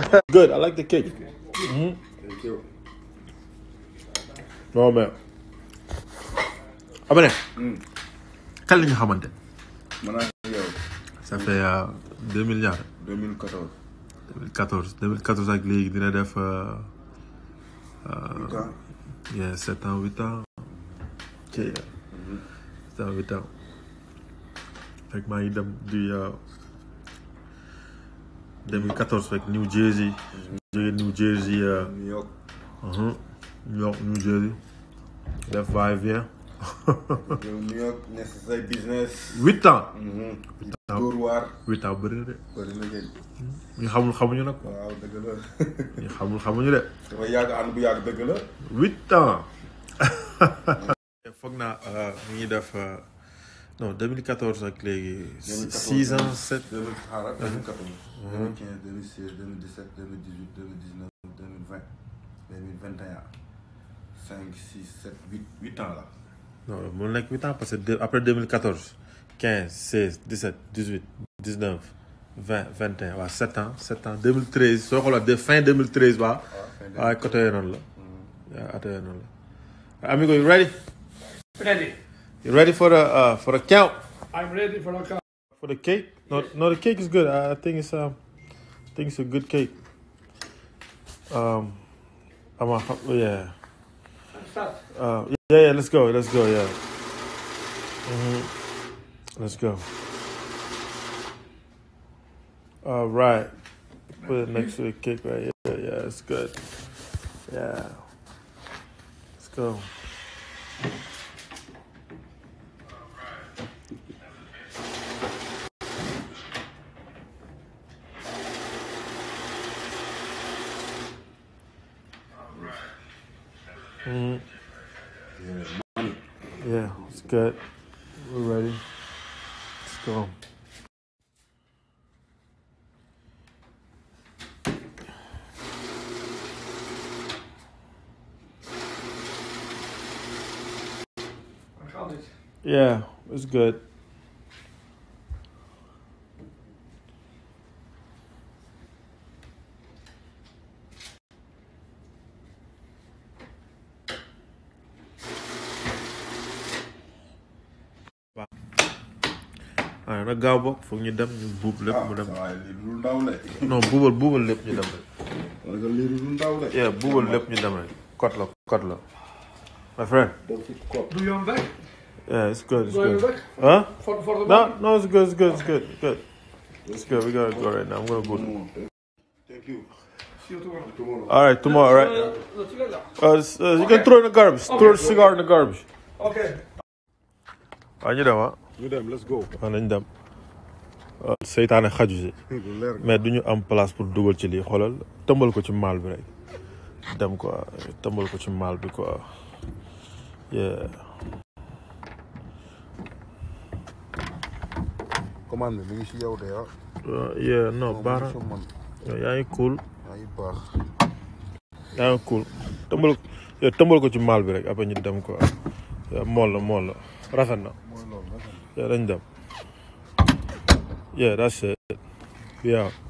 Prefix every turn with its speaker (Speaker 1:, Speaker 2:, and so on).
Speaker 1: Good. I like the cake. Mm-hmm. Thank you. non ñu xamante. maanaam yow. deux mille deux mille quatorze. deux mille quatorze ak léegi dina def. Euh, euh, huit ans. sept ans huit ans. Mm-hmm. sept ans huit ans. fekk maa ngi dem di. 2014 fekk New Jersey. New Jersey. Euh, New York. Uh-huh, New York New Jersey. def va et vient. huit ans. Mm-hmm. huit ans huit ans bëri na de. bëri na de. ñu xamul xamuñu nag. waaw dëgg la. ñu xamul xamuñu de. dama yàgg ànd bu yàgg dëgg la. huit ans. foog naa euh, ñu ngi def. Euh, non 2014 ak léegi. 2014 6 ans 7. 2014 2015 2016 2017 2018 2019 2020 2021 5 6 7 8 8 ans la. non mu nekk 8 ans parce que après 2014 15 16 17 18 19 20 21 waaw 7 ans 7 ans 2013 soo ko la de fin 2013 waaw. waaw fin 2013 waaw côté noonu la. waaw côté noonu la. amigo you ready. ready. You ready for the uh, for the count? I'm ready for the count. For the cake? No, yes. no, the cake is good. I think it's um, I think it's a good cake. Um, I'm a, yeah. Uh, yeah, yeah. Let's go. Let's go. Yeah. Mm-hmm. Let's go. All right. Put it next to the cake right here. Yeah, yeah, it's good. Yeah. Let's go. Mm. Mm-hmm. Money. Yeah, it's good. We're ready. Let's go. Yeah, it was good. waaye nag gaaw bokk foog ñu dem ñu buub lépp mu dem. Ah, waaye lii lu ndaw la. non buubal buubal lépp ñu dem rek. parce que lii lu ndaw la. buubal lépp ñu dem rek. kot la kot la. my friend. du yomb rek. Yeah, it's good. It's good. Huh? For, for the no, no, it's good. It's good. It's good. It's good. It's good. We gotta go right now. I'm gonna go. Thank you. See you tomorrow. tomorrow. All right, tomorrow. All right. Uh, uh, you okay. can throw in the garbage. Okay. Throw the cigar in the garbage. Okay. Are ah, you done? ñu dem let's nañ dem. seytaane xaju si mais du ñu am place pour dugal ci lii xoolal tëmbal ko ci maal bi rek dem quoi ko ci maal bi quoi. commande bi ngi si yow de ah. Uh, non baara yaa ngi cool. tëmbal ko ci maal bi rek après ñu dem quoi mool la mool la rafet na. Yeah, dañ dem yeah that's it yeah